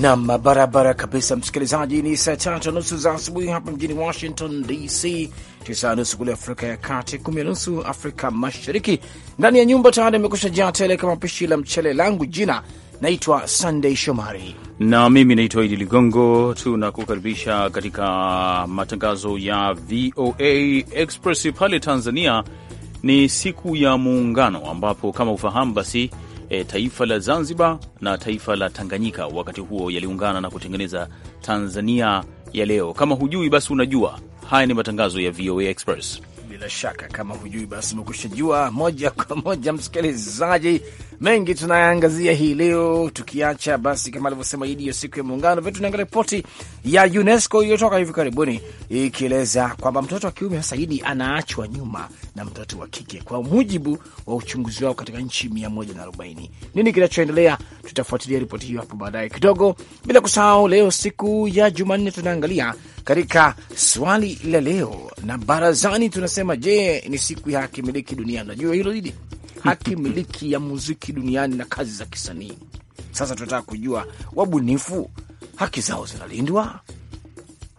Nam barabara kabisa, msikilizaji. Ni saa tatu nusu za asubuhi hapa mjini Washington DC, tisa nusu kule Afrika ya Kati, kumi na nusu Afrika Mashariki. Ndani ya nyumba tayari imekusha jaa tele kama pishi la mchele langu. Jina naitwa Sunday Shomari na mimi naitwa Idi Ligongo. Tunakukaribisha katika matangazo ya VOA Express. Pale Tanzania ni siku ya Muungano, ambapo kama ufahamu basi e, taifa la Zanzibar na taifa la Tanganyika wakati huo yaliungana na kutengeneza Tanzania ya leo. Kama hujui basi unajua. Haya ni matangazo ya VOA Express. Bila shaka kama hujui basi umekushajua moja kwa moja, msikilizaji mengi tunayaangazia hii leo, tukiacha basi kama alivyosema Idi ya siku ya Muungano. vetu tunaangalia ripoti ya UNESCO iliyotoka hivi karibuni ikieleza kwamba mtoto wa kiume sasa Idi anaachwa nyuma na mtoto wa kike kwa mujibu wa uchunguzi wao katika nchi mia moja na arobaini. Nini kinachoendelea? Tutafuatilia ripoti hiyo hapo baadaye kidogo, bila kusahau leo siku ya Jumanne tunaangalia katika swali la leo na barazani tunasema, je, ni siku ya kimiliki dunia? Najua hilo Idi haki miliki ya muziki duniani na kazi za kisanii. Sasa tunataka kujua wabunifu haki zao zinalindwa,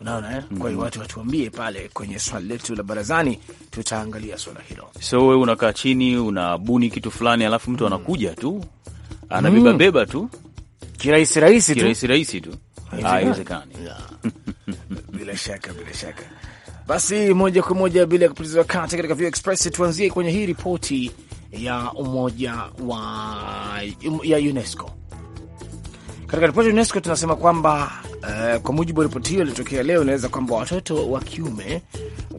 unaona eh? Kwa hiyo mm-hmm. watu watuambie pale kwenye swali letu la barazani, tutaangalia swala hilo. So we unakaa chini unabuni kitu fulani, alafu mtu mm. anakuja tu anabebabeba mm. tu kirahisi rahisi tu kirahisi rahisi tu, haiwezekani. Bila shaka, bila shaka. Basi moja kwa moja bila ya kupoteza wakati katika View Express, tuanzie kwenye hii ripoti ya umoja wa ya UNESCO. Katika ripoti ya UNESCO tunasema kwamba uh, kwa mujibu wa ripoti hiyo iliyotokea leo inaweza kwamba watoto wa kiume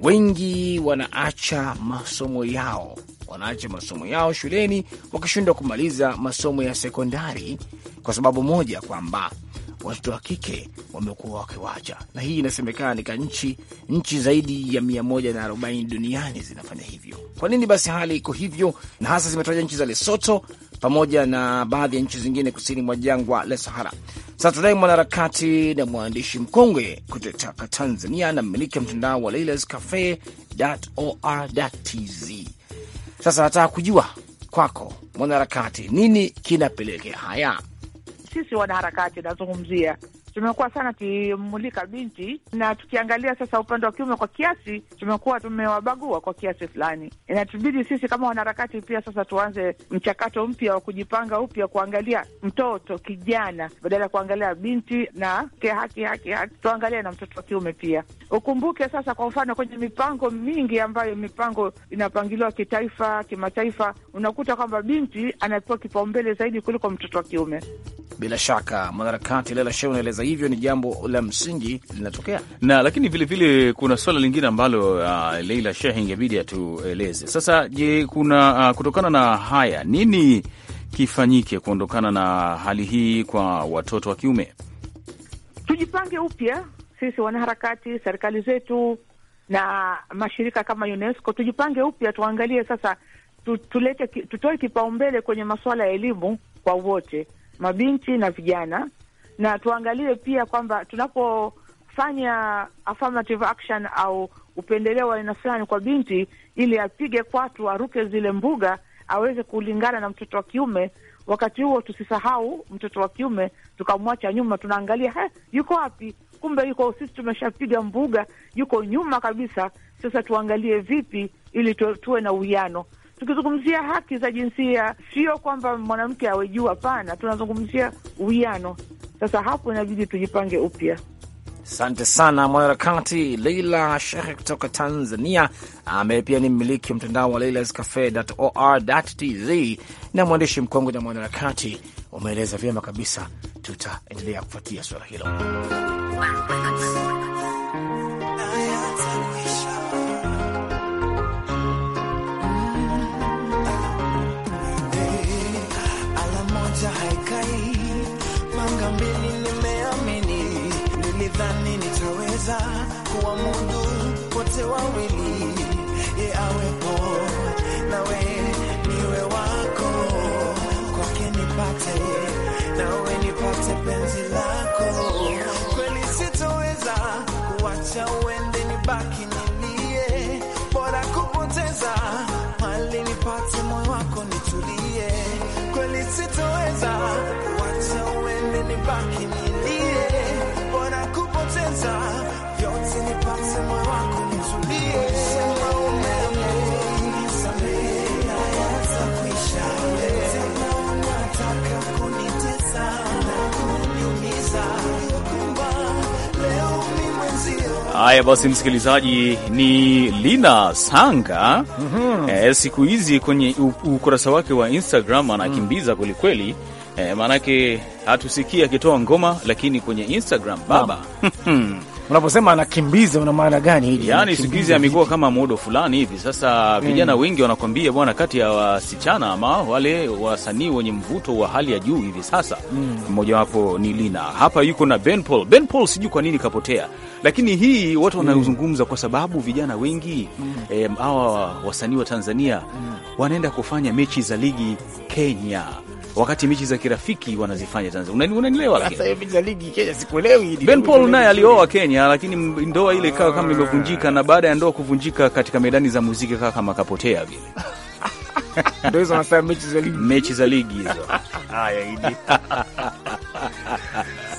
wengi wanaacha masomo yao wanaacha masomo yao shuleni wakishindwa kumaliza masomo ya sekondari kwa sababu moja kwamba watoto wa kike wamekuwa wakiwacha, na hii inasemekana ka nchi nchi zaidi ya arobaini duniani zinafanya hivyo. Kwa nini basi hali iko hivyo? Na hasa zimetaja nchi za Lesoto pamoja na baadhi ya nchi zingine kusini mwa jangwa la Sahara. Sasa tunaye mwanaharakati na mwandishi mkongwe kutoka Tanzania na mmiliki wa mtandao wa Lailas Cafe or tz. Sasa nataka kujua kwako, mwanaharakati, nini kinapelekea haya? sisi wanaharakati, nazungumzia tumekuwa sana tukimulika binti na tukiangalia sasa upande wa kiume, kwa kiasi tumekuwa tumewabagua kwa kiasi fulani. Inatubidi sisi kama wanaharakati pia sasa tuanze mchakato mpya wa kujipanga upya, kuangalia mtoto kijana badala ya kuangalia binti na haki haki haki, tuangalie na mtoto wa kiume pia. Ukumbuke sasa, kwa mfano, kwenye mipango mingi ambayo mipango inapangiliwa kitaifa, kimataifa, unakuta kwamba binti anapewa kipaumbele zaidi kuliko mtoto wa kiume. Bila shaka mwanaharakati Lela Sheu unaeleza hivyo, ni jambo la msingi linatokea na, lakini vilevile vile kuna swala lingine ambalo uh, Leila Sheikh ingebidi atueleze sasa. Je, kuna uh, kutokana na haya nini kifanyike kuondokana na hali hii kwa watoto wa kiume? Tujipange upya sisi wanaharakati, serikali zetu na mashirika kama UNESCO tujipange upya, tuangalie sasa, tulete tutoe kipaumbele kwenye masuala ya elimu kwa wote, mabinti na vijana, na tuangalie pia kwamba tunapofanya affirmative action au upendeleo wa aina fulani kwa binti, ili apige kwatu, aruke zile mbuga, aweze kulingana na mtoto wa kiume. Wakati huo tusisahau mtoto wa kiume tukamwacha nyuma, tunaangalia he, yuko wapi? kumbe yuko, sisi tumeshapiga mbuga, yuko nyuma kabisa. Sasa tuangalie vipi ili tuwe na uwiano. Tukizungumzia haki za jinsia, sio kwamba mwanamke awe juu, hapana, tunazungumzia uwiano. Sasa hapo inabidi tujipange upya. Asante sana mwanaharakati Leila Shehe kutoka Tanzania, ambaye pia ni mmiliki wa mtandao wa leilascafe.or.tz na mwandishi mkongwe na mwanaharakati. Umeeleza vyema kabisa, tutaendelea kufuatia suala hilo. Manga mbili nimeamini, nilidhani nitaweza kuwa kupoteza wacha uende nibaki nilie, bona kupoteza vyote nipate moyo wako nitulie Haya basi, msikilizaji, ni Lina Sanga mm -hmm. E, siku hizi kwenye ukurasa wake wa Instagram anakimbiza mm. kwelikweli. E, eh, maanake hatusikii akitoa ngoma, lakini kwenye Instagram baba unaposema anakimbiza una maana gani hili? Yani siku hizi amekuwa kama modo fulani hivi sasa, vijana mm, wengi wanakwambia bwana, kati ya wasichana ama wale wasanii wenye mvuto wa hali ya juu hivi sasa mm. mmojawapo mm, ni Lina hapa, yuko na Ben Paul. Ben Paul sijui kwa nini kapotea, lakini hii watu wanaozungumza mm, kwa sababu vijana wengi mm. hawa eh, e, wasanii wa Tanzania mm, wanaenda kufanya mechi za ligi Kenya wakati mechi za kirafiki wanazifanya Tanzania. Unanielewa? Lakini sasa mechi za ligi Kenya sikuelewi. Ben Paul naye alioa Kenya na lakini ndoa ile ikawa kama imevunjika, na baada ya ndoa kuvunjika katika medani za muziki kaa kama kapotea vile. Ndio hizo nasema mechi za ligi, mechi za ligi hizo. Haya, Idi.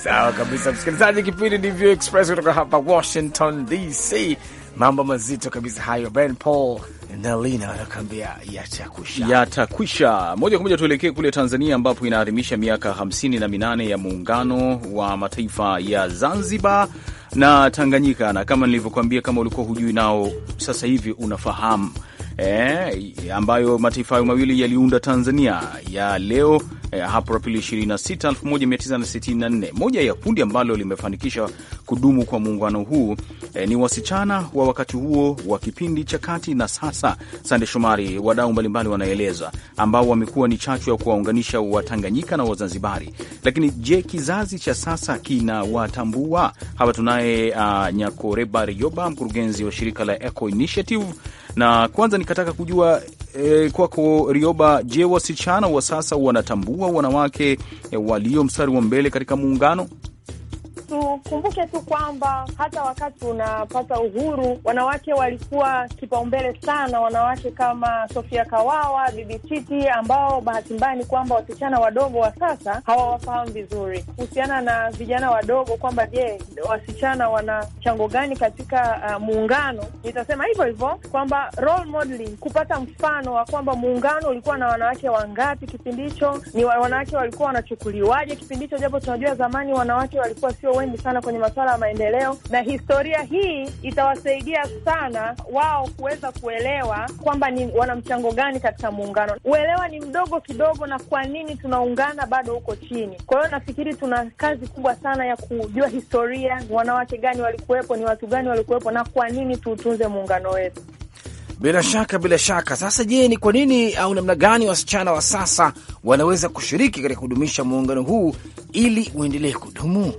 Sawa kabisa, msikilizaji, kipindi ni View Express kutoka hapa Washington DC. Mambo mazito kabisa hayo, Ben Paul na Lina wanakuambia yatakwisha, yatakwisha. Moja kwa moja tuelekee kule Tanzania ambapo inaadhimisha miaka hamsini na minane ya muungano wa mataifa ya Zanzibar na Tanganyika, na kama nilivyokuambia, kama ulikuwa hujui, nao sasa hivi unafahamu eh, ambayo mataifa hayo mawili yaliunda Tanzania ya leo eh, hapo Aprili 26, 1964. Moja ya kundi ambalo limefanikisha kudumu kwa muungano huu eh, ni wasichana wa wakati huo wa kipindi cha kati na sasa. Sande Shomari, wadau mbalimbali wanaeleza, ambao wamekuwa ni chachu ya kuwaunganisha Watanganyika na Wazanzibari. Lakini je, kizazi cha sasa kinawatambua? Hapa tunaye uh, Nyakoreba Rioba, mkurugenzi wa shirika la Eco Initiative na kwanza nikataka kujua e, kwako Rioba, je, wasichana wa sasa wanatambua wanawake e, walio mstari wa mbele katika muungano? Tukumbuke tu kwamba hata wakati unapata uhuru, wanawake walikuwa kipaumbele sana, wanawake kama Sofia Kawawa, Bibi Titi, ambao bahati mbaya ni kwamba wasichana wadogo wa sasa hawawafahamu vizuri. Kuhusiana na vijana wadogo kwamba je, wasichana wana chango gani katika uh, muungano, nitasema hivyo hivyo kwamba role modeling, kupata mfano wa kwamba muungano ulikuwa na wanawake wangapi kipindi hicho, ni wanawake walikuwa wanachukuliwaje kipindi hicho, japo tunajua zamani wanawake walikuwa sio wengi sana kwenye masuala ya maendeleo, na historia hii itawasaidia sana wao kuweza kuelewa kwamba ni wana mchango gani katika muungano. Uelewa ni mdogo kidogo, na kwa nini tunaungana bado huko chini. Kwa hiyo nafikiri tuna kazi kubwa sana ya kujua historia, wanawake gani walikuwepo, ni watu gani walikuwepo, na kwa nini tuutunze muungano wetu. Bila shaka, bila shaka. Sasa je, ni kwa nini au namna gani wasichana wa sasa wanaweza kushiriki katika kudumisha muungano huu ili uendelee kudumu?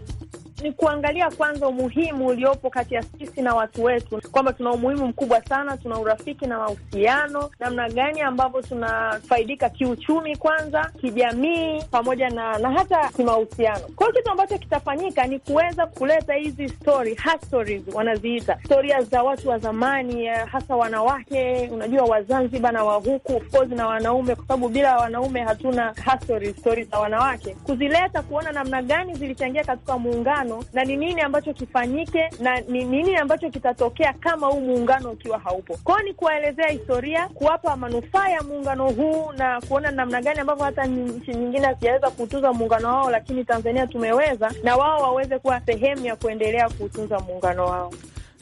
ni kuangalia kwanza umuhimu uliopo kati ya sisi na watu wetu, kwamba tuna umuhimu mkubwa sana, tuna urafiki na mahusiano, namna gani ambavyo tunafaidika kiuchumi kwanza, kijamii, pamoja na na hata kimahusiano. Kwa hiyo kitu ambacho kitafanyika ni kuweza kuleta hizi story, stories wanaziita historia za watu wa zamani, eh, hasa wanawake, unajua Wazanzibar na wahuku of course na wanaume, kwa sababu bila wanaume hatuna stories za wanawake, kuzileta kuona namna gani zilichangia katika muungano muungano na ni nini ambacho kifanyike na ni nini ambacho kitatokea kama huu muungano ukiwa haupo. Kwao ni kuwaelezea historia, kuwapa manufaa ya muungano huu na kuona namna gani ambavyo hata nchi nyingine hazijaweza kuutunza muungano wao, lakini Tanzania tumeweza, na wao waweze kuwa sehemu ya kuendelea kuutunza muungano wao.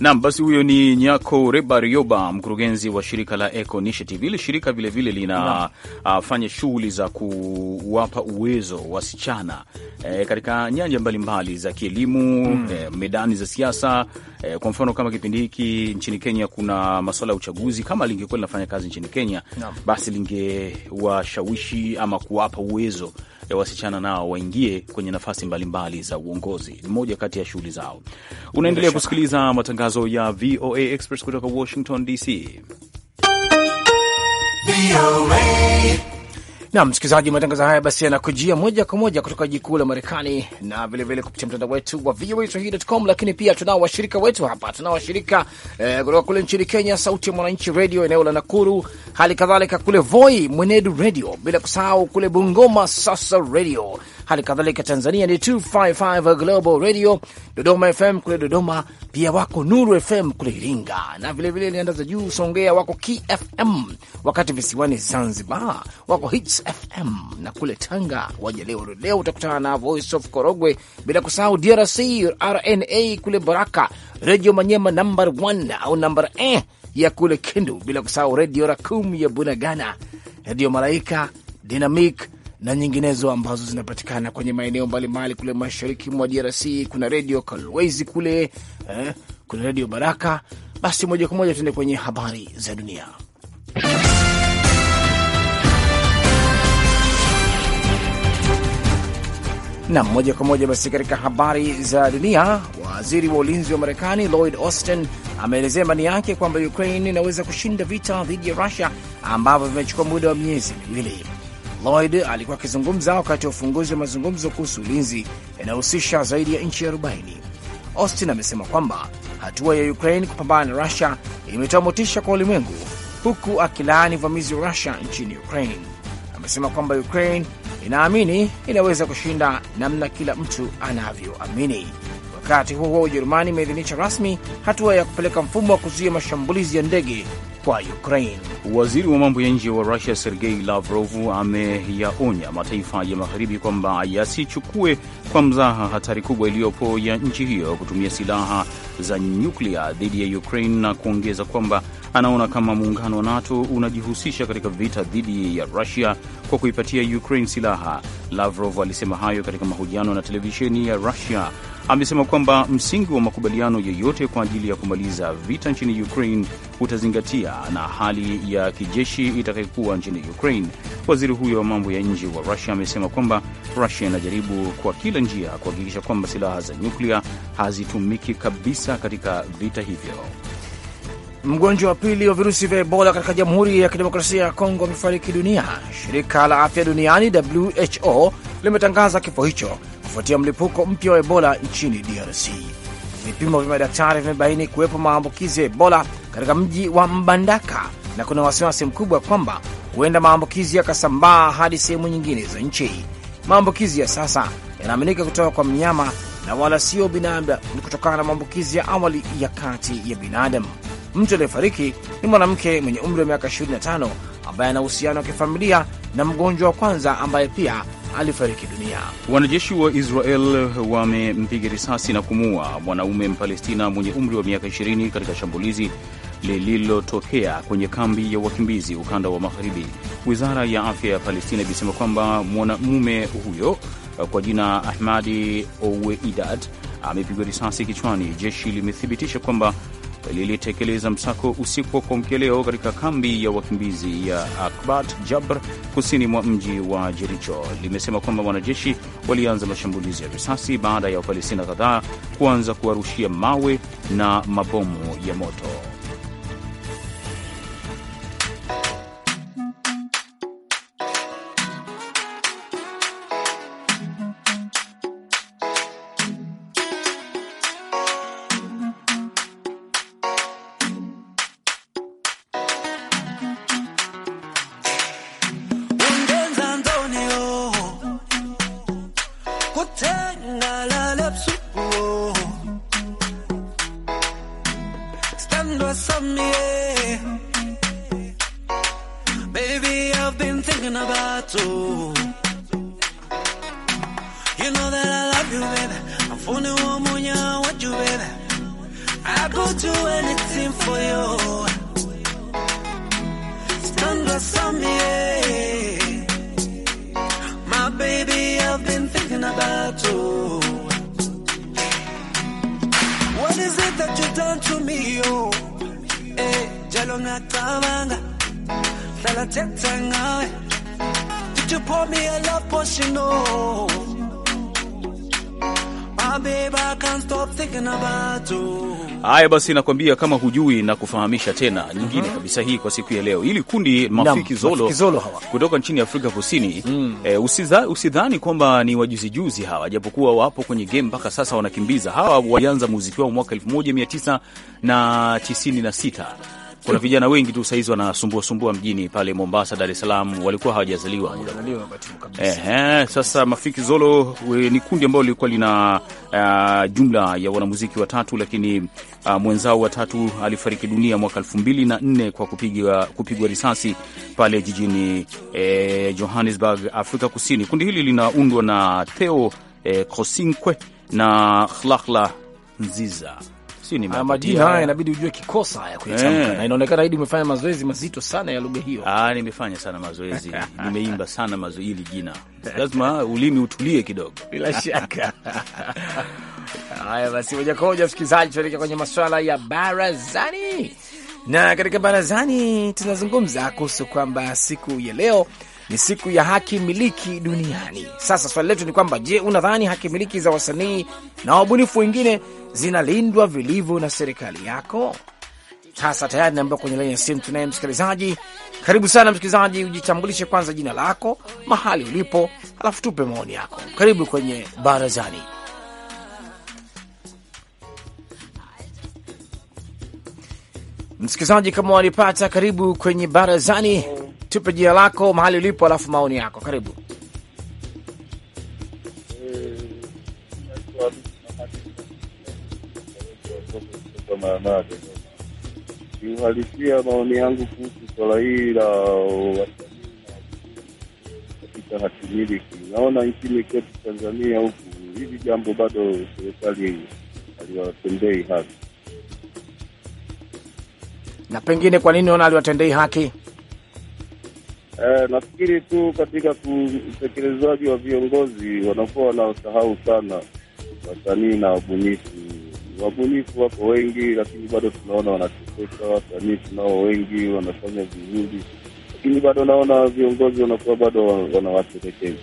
Nam, basi huyo ni Nyako Reba Rioba, mkurugenzi wa shirika la Eco Initiative. Hili shirika vilevile linafanya ah, uh, shughuli za kuwapa uwezo wasichana eh, katika nyanja mbalimbali za kielimu mm. eh, medani za siasa eh, kwa mfano kama kipindi hiki nchini Kenya kuna masuala ya uchaguzi. Kama lingekuwa linafanya kazi nchini Kenya no. basi lingewashawishi ama kuwapa uwezo e, wasichana nao waingie kwenye nafasi mbalimbali mbali za uongozi. Ni moja kati ya shughuli zao. Unaendelea kusikiliza matangazo ya VOA Express kutoka Washington DC. Naam, msikilizaji, matangazo haya basi yanakujia moja kwa moja kutoka jiji kuu la Marekani na vilevile kupitia mtandao wetu wa voaswahili.com. Lakini pia tunao washirika wetu hapa, tunao washirika eh, kutoka kule nchini Kenya, Sauti ya Mwananchi Radio eneo la Nakuru, hali kadhalika kule Voi Mwenedu Radio, bila kusahau kule Bungoma Sasa Radio Hali kadhalika Tanzania ni 255 Global Radio, Dodoma FM kule Dodoma, pia wako Nuru FM kule Iringa, na vilevile lianda za juu Songea wako KFM, wakati visiwani Zanzibar wako Hits FM, na kule Tanga waja leo leo utakutana na Voice of Korogwe, bila kusahau DRC RNA kule Baraka, redio Manyema number 1 au number eh ya kule Kindu, bila kusahau redio Rakum ya Bunagana, Radio Malaika Dynamic na nyinginezo ambazo zinapatikana kwenye maeneo mbalimbali kule mashariki mwa DRC. Kuna redio Kalwezi kule eh, kuna redio Baraka. Basi moja kwa moja tuende kwenye habari za dunia. Na moja kwa moja basi katika habari za dunia, waziri wa ulinzi wa Marekani Lloyd Austin ameelezea imani yake kwamba Ukraine inaweza kushinda vita dhidi ya Rusia ambavyo vimechukua muda wa miezi miwili. Lloyd alikuwa akizungumza wakati wa ufunguzi wa mazungumzo kuhusu ulinzi yanayohusisha zaidi ya nchi 40. Austin amesema kwamba hatua ya Ukraine kupambana na Rusia imetoa motisha kwa ulimwengu, huku akilaani uvamizi wa Rusia nchini Ukraine. Amesema kwamba Ukraine inaamini inaweza kushinda namna kila mtu anavyoamini. Wakati huo Ujerumani imeidhinisha rasmi hatua ya kupeleka mfumo wa kuzuia mashambulizi ya ndege kwa Ukraine. Waziri wa mambo ya nje wa Rusia Sergei Lavrov ameyaonya mataifa ya magharibi kwamba yasichukue kwa mzaha hatari kubwa iliyopo ya nchi hiyo kutumia silaha za nyuklia dhidi ya Ukraine na kuongeza kwamba anaona kama muungano wa NATO unajihusisha katika vita dhidi ya Rusia kwa kuipatia Ukraine silaha. Lavrov alisema hayo katika mahojiano na televisheni ya Rusia. Amesema kwamba msingi wa makubaliano yeyote kwa ajili ya kumaliza vita nchini Ukraine utazingatia na hali ya kijeshi itakayokuwa nchini Ukraine. Waziri huyo wa mambo ya nje wa Rusia amesema kwamba Rusia inajaribu kwa kila njia kuhakikisha kwamba silaha za nyuklia hazitumiki kabisa katika vita hivyo. Mgonjwa wa pili wa virusi vya Ebola katika Jamhuri ya Kidemokrasia ya Kongo amefariki dunia. Shirika la Afya Duniani WHO limetangaza kifo hicho kufuatia mlipuko mpya wa Ebola nchini DRC. Vipimo vya madaktari vimebaini kuwepo maambukizi ya Ebola katika mji wa Mbandaka na kuna wasiwasi mkubwa kwamba huenda maambukizi yakasambaa hadi sehemu nyingine za nchi. Maambukizi ya sasa yanaaminika kutoka kwa mnyama na wala sio binadamu, ni kutokana na maambukizi ya awali ya kati ya binadamu. Mtu aliyefariki ni mwanamke mwenye umri wa miaka 25 ambaye ana uhusiano wa kifamilia na mgonjwa wa kwanza ambaye pia alifariki dunia. Wanajeshi wa Israel wamempiga risasi na kumuua mwanaume Mpalestina mwenye umri wa miaka 20 katika shambulizi lililotokea kwenye kambi ya wakimbizi ukanda wa Magharibi. Wizara ya afya ya Palestina imesema kwamba mwanamume huyo kwa jina Ahmadi Oweidat amepigwa risasi kichwani. Jeshi limethibitisha kwamba lilitekeleza msako usiku wa kuamkia leo katika kambi ya wakimbizi ya Akbat Jabr kusini mwa mji wa Jericho limesema kwamba wanajeshi walianza mashambulizi ya risasi baada ya Wapalestina kadhaa kuanza kuwarushia mawe na mabomu ya moto. basi nakwambia kama hujui na kufahamisha tena nyingine mm -hmm. kabisa hii kwa siku ya leo, ili kundi Mafiki Zolo kutoka nchini Afrika Kusini mm. E, usidha, usidhani kwamba ni wajuzijuzi hawa, japokuwa wapo kwenye game mpaka sasa wanakimbiza. Hawa walianza muziki wao mwaka 1996 kuna vijana wengi tu saizi wanasumbua sumbua mjini pale Mombasa, Dar es Salaam, walikuwa hawajazaliwa. Ehe, sasa Mafiki Zolo we, ni kundi ambalo lilikuwa lina uh, jumla ya wanamuziki watatu, lakini uh, mwenzao watatu alifariki dunia mwaka elfu mbili na nne kwa kupigwa kupigwa risasi pale jijini eh, Johannesburg, Afrika Kusini. Kundi hili linaundwa na Theo eh, Kosinkwe na Hlahla Nziza sio ah, majina haya, inabidi ujue kikosa ya kuyatamka, eh. na inaonekana hidi umefanya mazoezi mazito sana ya lugha hiyo. Ah, nimefanya sana mazoezi nimeimba sana mazoezi hili jina, lazima ulimi utulie kidogo, bila shaka haya. Basi moja kwa moja, msikilizaji, tuelekea kwenye maswala ya barazani, na katika barazani tunazungumza kuhusu kwamba siku ya leo ni siku ya haki miliki duniani. Sasa swali letu ni kwamba, je, unadhani haki miliki za wasanii na wabunifu wengine zinalindwa vilivyo na serikali yako? Sasa tayari naambiwa kwenye laini ya simu tunaye msikilizaji. Karibu sana msikilizaji, ujitambulishe kwanza jina lako, mahali ulipo, halafu tupe maoni yako. Karibu kwenye barazani. Msikilizaji, kama walipata, karibu kwenye barazani tupe jina lako, mahali ulipo, alafu maoni yako. Karibu. Kiuhalisia, maoni yangu kuhusu swala hili la wasanii katika hatimiliki, naona nchini kwetu Tanzania huku hili jambo bado serikali aliwatendei haki. Na pengine kwa nini naona aliwatendei haki? Eh, nafikiri tu katika utekelezaji wa viongozi wanakuwa wanaosahau sana wasanii na wabunifu. Wabunifu wako wengi, lakini bado tunaona wanateseka. Wasanii tunao wengi, wanafanya vizuri, lakini bado naona viongozi wanakuwa bado wanawatelekeza.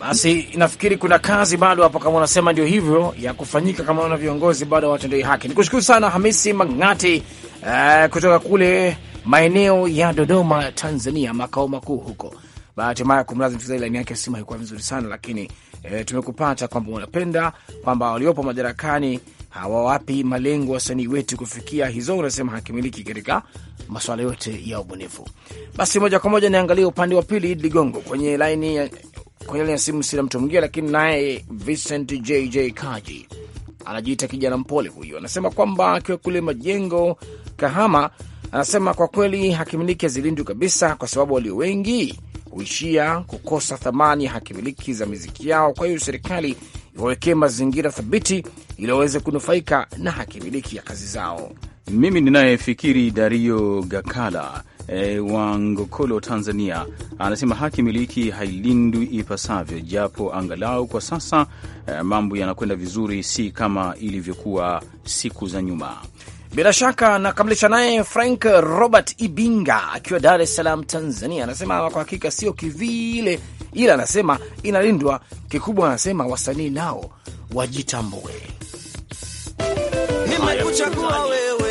Basi nafikiri kuna kazi bado hapo, kama unasema ndio hivyo ya kufanyika, kama naona viongozi bado hawatendei haki. Nikushukuru sana Hamisi Magnati, eh, kutoka kule maeneo ya Dodoma, Tanzania, makao makuu huko. Bahati mbaya kumlaza mchezaji, laini yake simu haikuwa vizuri sana, lakini e, tumekupata kwamba unapenda kwamba waliopo madarakani hawawapi malengo wasanii wetu kufikia hizo, unasema hakimiliki katika masuala yote ya ubunifu. Basi moja kwa moja niangalie upande wa pili, Idi Ligongo kwenye laini ya kwenye ya simu sina mtu mwingine, lakini naye Vincent JJ Kaji anajiita kijana mpole huyu, anasema kwamba akiwa kule Majengo, Kahama anasema kwa kweli hakimiliki hazilindwi kabisa, kwa sababu walio wengi huishia kukosa thamani ya hakimiliki za miziki yao. Kwa hiyo serikali iwawekee mazingira thabiti ili waweze kunufaika na hakimiliki ya kazi zao. Mimi ninayefikiri Dario Gakala E, wa Ngokolo Tanzania anasema haki miliki hailindwi ipasavyo, japo angalau kwa sasa e, mambo yanakwenda vizuri, si kama ilivyokuwa siku za nyuma. Bila shaka nakamilisha naye Frank Robert Ibinga akiwa Dar es Salaam, Tanzania, anasema kwa hakika sio kivile, ila anasema inalindwa. Kikubwa anasema wasanii nao wajitambue. Ni wewe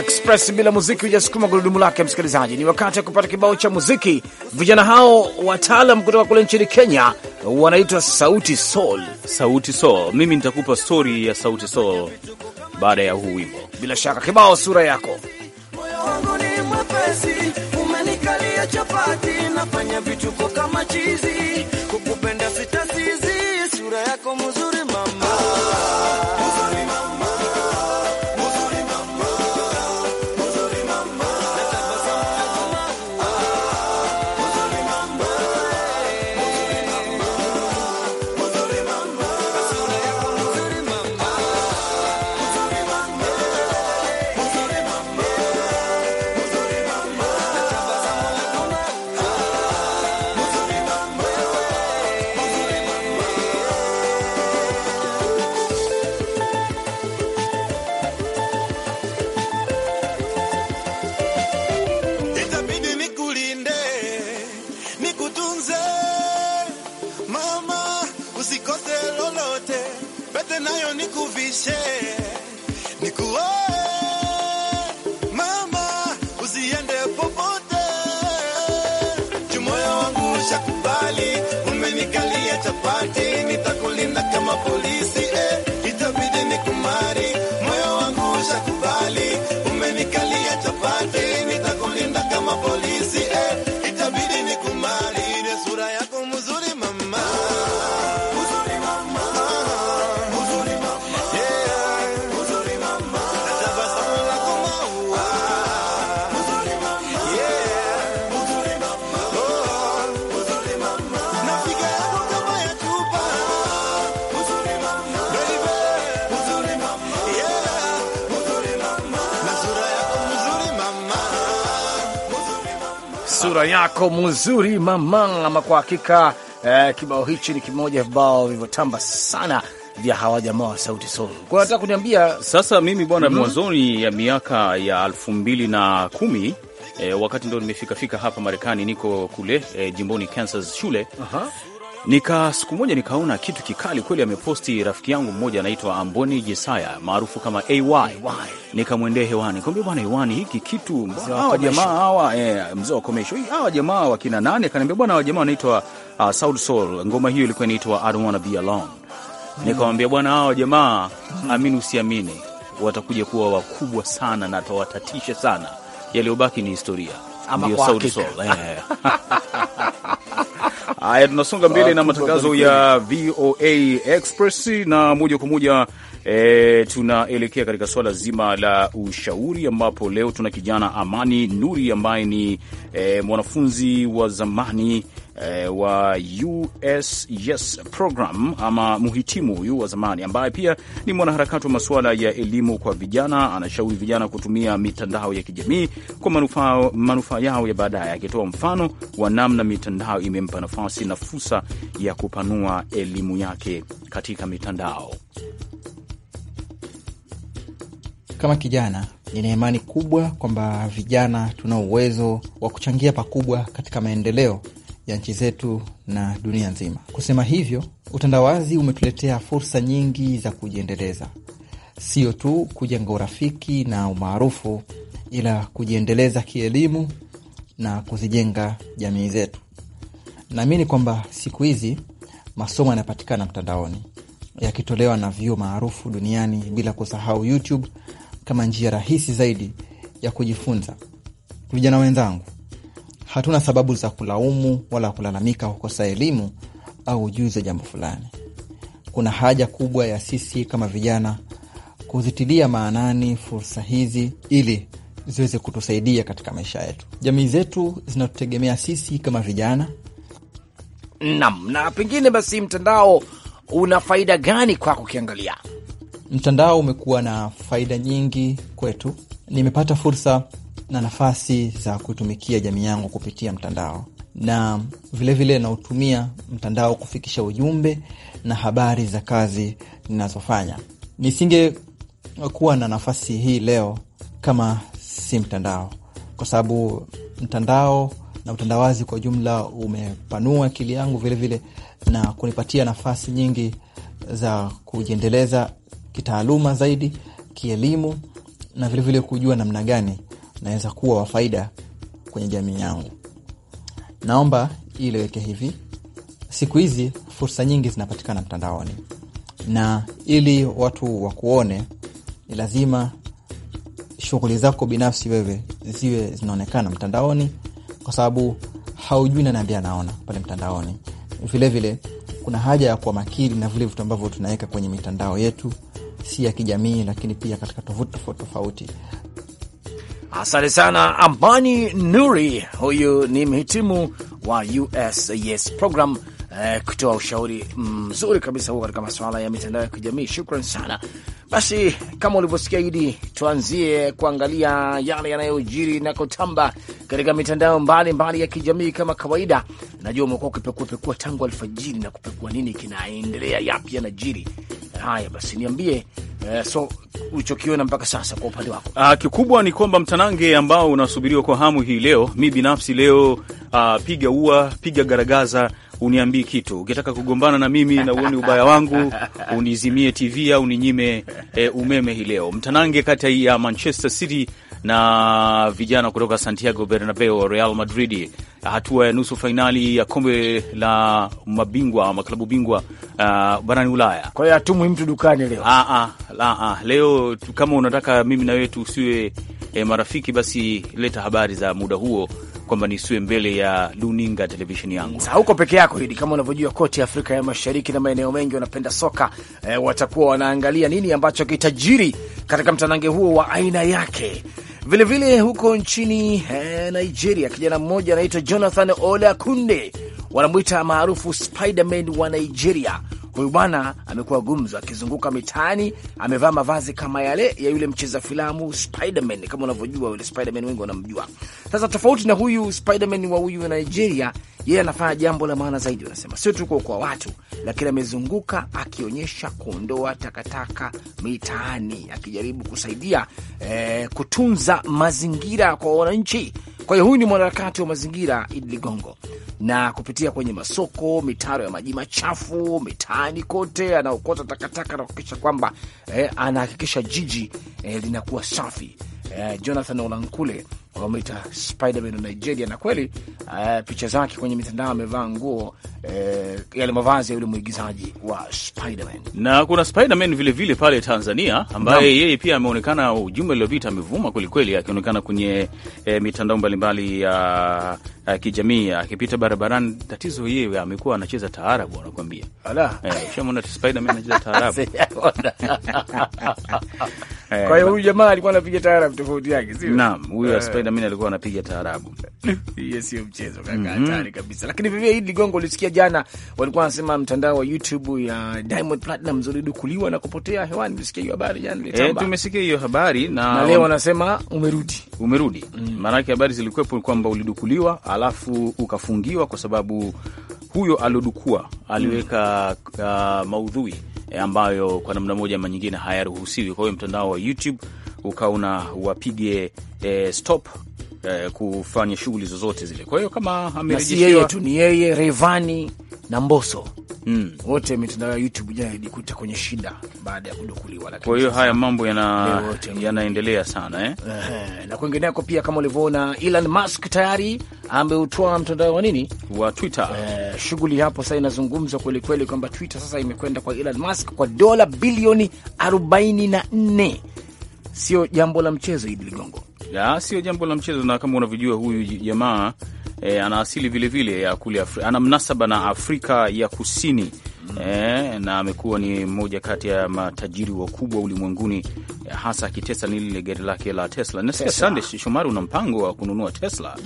Express bila muziki hujasukuma gurudumu lake. Msikilizaji, ni wakati wa kupata kibao cha muziki. Vijana hao wataalam kutoka kule nchini Kenya wanaitwa Sauti Sol. Sauti Sol, mimi nitakupa stori ya Sauti Sol baada ya huu wimbo. Bila shaka kibao sura yako sura yako mzuri mama. Ama kwa hakika eh, kibao hichi ni kimoja vibao vilivyotamba sana vya hawa jamaa wa Sauti Sol. Kwa hiyo nataka kuniambia sasa mimi bwana, mm -hmm. ya miaka ya elfu mbili na kumi eh, wakati ndo nimefikafika hapa Marekani, niko kule eh, jimboni Kansas shule uh -huh. Nika siku moja nikaona kitu kikali kweli, ameposti rafiki yangu mmoja anaitwa Amboni Jesaya maarufu kama AY. Nikamwendea hewani, kaambia bwana, hewani hiki kitu hawa jamaa hawa eh, mzee wa komesho hawa jamaa wakina nani? Akaniambia bwana, hawa jamaa wanaitwa uh, South Soul. Ngoma hiyo ilikuwa inaitwa I don't wanna be alone. Nikamwambia bwana, hawa jamaa amini usiamini, watakuja kuwa wakubwa sana na atawatatisha sana, yaliyobaki ni historia. Ndio South Soul eh. Haya, tunasonga mbele ah, na matangazo ya VOA Express na moja kwa moja E, tunaelekea katika swala zima la ushauri ambapo leo tuna kijana Amani Nuri ambaye ni e, mwanafunzi wa zamani e, wa US Yes program ama mhitimu huyu wa zamani ambaye pia ni mwanaharakati wa masuala ya elimu kwa vijana. Anashauri vijana kutumia mitandao ya kijamii kwa manufaa manufaa yao ya baadaye, akitoa mfano wa namna mitandao imempa nafasi na fursa ya kupanua elimu yake katika mitandao kama kijana, nina imani kubwa kwamba vijana tuna uwezo wa kuchangia pakubwa katika maendeleo ya nchi zetu na dunia nzima. Kusema hivyo, utandawazi umetuletea fursa nyingi za kujiendeleza, sio tu kujenga urafiki na umaarufu, ila kujiendeleza kielimu na kuzijenga jamii zetu. Naamini kwamba siku hizi masomo yanayopatikana mtandaoni yakitolewa na vyuo maarufu duniani bila kusahau YouTube kama njia rahisi zaidi ya kujifunza. Vijana wenzangu, hatuna sababu za kulaumu wala kulalamika kukosa elimu au ujuzi wa jambo fulani. Kuna haja kubwa ya sisi kama vijana kuzitilia maanani fursa hizi ili ziweze kutusaidia katika maisha yetu. Jamii zetu zinatutegemea sisi kama vijana. Naam, na pengine basi mtandao una faida gani kwako ukiangalia? Mtandao umekuwa na faida nyingi kwetu. Nimepata fursa na nafasi za kutumikia jamii yangu kupitia mtandao, na vilevile nautumia mtandao kufikisha ujumbe na habari za kazi ninazofanya. Nisingekuwa na nafasi hii leo kama si mtandao, kwa sababu mtandao na utandawazi kwa ujumla umepanua akili yangu vilevile na kunipatia nafasi nyingi za kujiendeleza kitaaluma zaidi, kielimu na vilevile vile kujua namna gani naweza kuwa wa faida kwenye jamii yangu. Naomba ileweke hivi, siku hizi fursa nyingi zinapatikana mtandaoni, na ili watu wakuone ni lazima shughuli zako binafsi wewe ziwe zinaonekana mtandaoni, kwa sababu haujui na naona pale mtandaoni. Vilevile vile, kuna haja ya kuwa makini na vile vitu ambavyo tunaweka kwenye mitandao yetu si ya kijamii, lakini pia katika tovuti tofauti tofauti. Asante sana amani Nuri, huyu ni mhitimu wa USIS program eh, kutoa ushauri mzuri kabisa huo katika masuala ya mitandao ya kijamii. Shukran sana. Basi kama ulivyosikia Idi, tuanzie kuangalia yale yanayojiri na kutamba katika mitandao mbalimbali mbali ya kijamii. Kama kawaida, najua umekuwa ukipekuapekua tangu alfajiri na kupekua nini kinaendelea, yapya jiri Haya basi, niambie eh, so ulichokiona mpaka sasa kwa upande wako. Ah, kikubwa ni kwamba mtanange ambao unasubiriwa kwa hamu hii leo, mi binafsi leo ah, piga ua piga garagaza uniambii kitu. Ukitaka kugombana na mimi na uone ubaya wangu, unizimie TV au ninyime e, umeme hii leo. Mtanange kati ya Manchester City na vijana kutoka Santiago Bernabeu, Real Madrid, hatua ya nusu fainali ya kombe la mabingwa maklabu bingwa uh, barani Ulaya. Kwa hiyo hatumwi mtu dukani leo. Aa, ah, ah, aa, leo kama unataka mimi na wewe tusiwe eh, marafiki, basi leta habari za muda huo kwamba nisiwe mbele ya luninga televisheni yangu. Sasa huko peke yako hili, kama unavyojua kote Afrika ya Mashariki na maeneo mengi wanapenda soka e, watakuwa wanaangalia nini ambacho kitajiri katika mtanange huo wa aina yake. Vilevile vile huko nchini e, Nigeria, kijana mmoja anaitwa Jonathan Ola Kunde, wanamwita maarufu Spiderman wa Nigeria Huyu bwana amekuwa gumzo akizunguka mitaani, amevaa mavazi kama yale ya yule mcheza filamu Spiderman. Kama unavyojua yule Spiderman wengi wanamjua. Sasa tofauti na huyu Spiderman wa huyu Nigeria, yeye yeah, anafanya jambo la maana zaidi, wanasema sio tu kwa watu, lakini amezunguka akionyesha kuondoa takataka mitaani, akijaribu kusaidia eh, kutunza mazingira kwa wananchi. Kwa hiyo huyu ni mwanaharakati wa mazingira Idi Ligongo, na kupitia kwenye masoko, mitaro ya maji machafu mitaani kote anaokota takataka na kuhakikisha kwamba eh, anahakikisha jiji eh, linakuwa safi. Eh, Jonathan Olankule wamwita Spiderman wa Nigeria, na kweli uh, picha zake kwenye mitandao amevaa nguo uh, yale mavazi ya yule mwigizaji wa Spiderman. Na kuna Spiderman vilevile pale Tanzania ambaye yeye pia ameonekana ujumbe iliyopita, amevuma kwelikweli, akionekana kwenye eh, mitandao mbalimbali ya uh, uh, kijamii akipita barabarani. Tatizo hili amekuwa anacheza taarabu, anakuambia eh, shamona Spiderman anacheza taarabu eh, kwa hiyo huyu jamaa alikuwa anapiga taarabu tofauti yake, sio? Naam, huyu uh, Spiderman alikuwa anapiga taarabu yes, sio mchezo kaka, mhm. hatari kabisa. Lakini vivyo hili ligongo ulisikia jana, walikuwa wanasema mtandao wa YouTube ya Diamond Platinum ulidukuliwa na kupotea hewani. Ulisikia hiyo habari jana? Eh, tumesikia hiyo habari na, na leo wanasema umerudi, umerudi mm. Maanake habari zilikuwepo kwamba ulidukuliwa alafu ukafungiwa kwa sababu huyo aliodukua aliweka uh, maudhui ambayo kwa namna moja ama nyingine hayaruhusiwi. Kwa hiyo mtandao wa YouTube ukaona wapige eh, stop eh, kufanya shughuli zozote zile. Kwa hiyo kama amerejeshiwa, si yeye tu, ni yeye Revani na Mboso mm. Wote mitandao ya YouTube jana ilikuta kwenye shida baada ya kudukuliwa. Kwa hiyo haya mambo yana yanaendelea sana eh? Ehe, na kwingineko pia kama ulivyoona Elon Musk tayari ameutoa mtandao wa nini wa Twitter. Ehe, shughuli hapo sasa inazungumzwa kweli kweli kwamba Twitter sasa imekwenda kwa Elon Musk kwa dola bilioni 44. Sio jambo la mchezo, Idi Ligongo, sio jambo la mchezo, na kama unavyojua huyu jamaa e, ana asili vilevile ya kule Afri, ana mnasaba na Afrika ya Kusini e, na amekuwa ni mmoja kati ya matajiri wakubwa ulimwenguni hasa akitesa ni lile gari lake la Tesla. Nasikia Sande Shomari, una mpango wa kununua Tesla?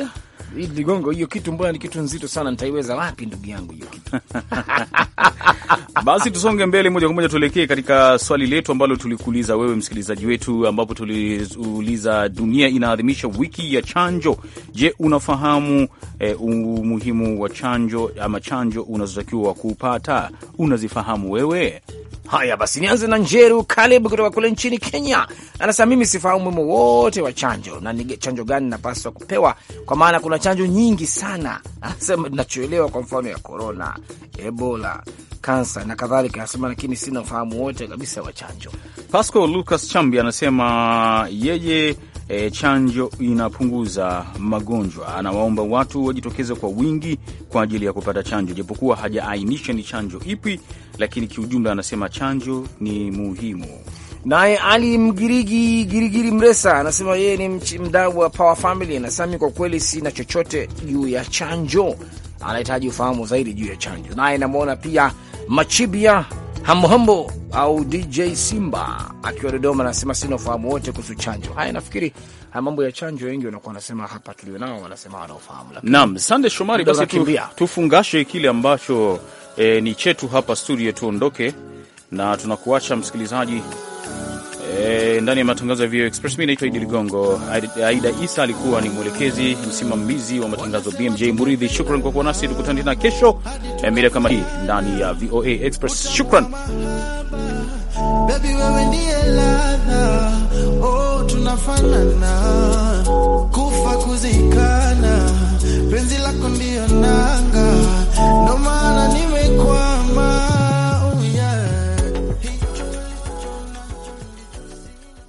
Ligongo, hiyo kitu mbona ni kitu nzito sana, nitaiweza wapi ndugu yangu hiyo? Basi tusonge mbele moja kwa moja, tuelekee katika swali letu ambalo tulikuuliza wewe msikilizaji wetu, ambapo tuliuliza dunia inaadhimisha wiki ya chanjo. Je, unafahamu eh, umuhimu wa chanjo ama chanjo unazotakiwa kupata? Unazifahamu wewe? Haya basi, nianze na Njeru Kaleb kutoka kule nchini Kenya. Anasema mimi sifahamu muhimu wote wa chanjo na ni chanjo gani napaswa kupewa, kwa maana kuna chanjo nyingi sana. Anasema tunachoelewa, kwa mfano ya korona, ebola, kansa na kadhalika. Anasema lakini sina ufahamu wote kabisa wa chanjo. Pasco Lucas Chambi anasema yeye E, chanjo inapunguza magonjwa. Anawaomba watu wajitokeze kwa wingi kwa ajili ya kupata chanjo, japokuwa hajaainisha ni chanjo ipi lakini kiujumla anasema chanjo ni muhimu. Naye Ali Mgirigi Girigiri Mresa anasema yeye ni mdau wa Power Family, anasema kwa kweli sina chochote juu ya chanjo, anahitaji ufahamu zaidi juu ya chanjo. Naye namwona pia Machibia Hambohambo au DJ Simba akiwa Dodoma, anasema sina ufahamu wote kuhusu chanjo. Haya, nafikiri haya mambo ya chanjo wengi wanakuwa wanasema hapa tulio nao, wanasema wanaofahamu. Naam, Sande Shomari, basi tu, tufungashe kile ambacho e, ni chetu hapa studio, tuondoke na tunakuacha msikilizaji e, ndani ya matangazo ya VOA Express. Mi naitwa Idi Ligongo. Aida Isa alikuwa ni mwelekezi msimamizi wa matangazo BMJ Muridhi. Shukran kwa kuwa nasi, tukutane tena kesho e, mida kama hii ndani ya VOA Express. Shukran Baby, wewe ndiye ladha, oh, tunafanana kufa kuzikana, penzi lako ndio nanga noma kwa mama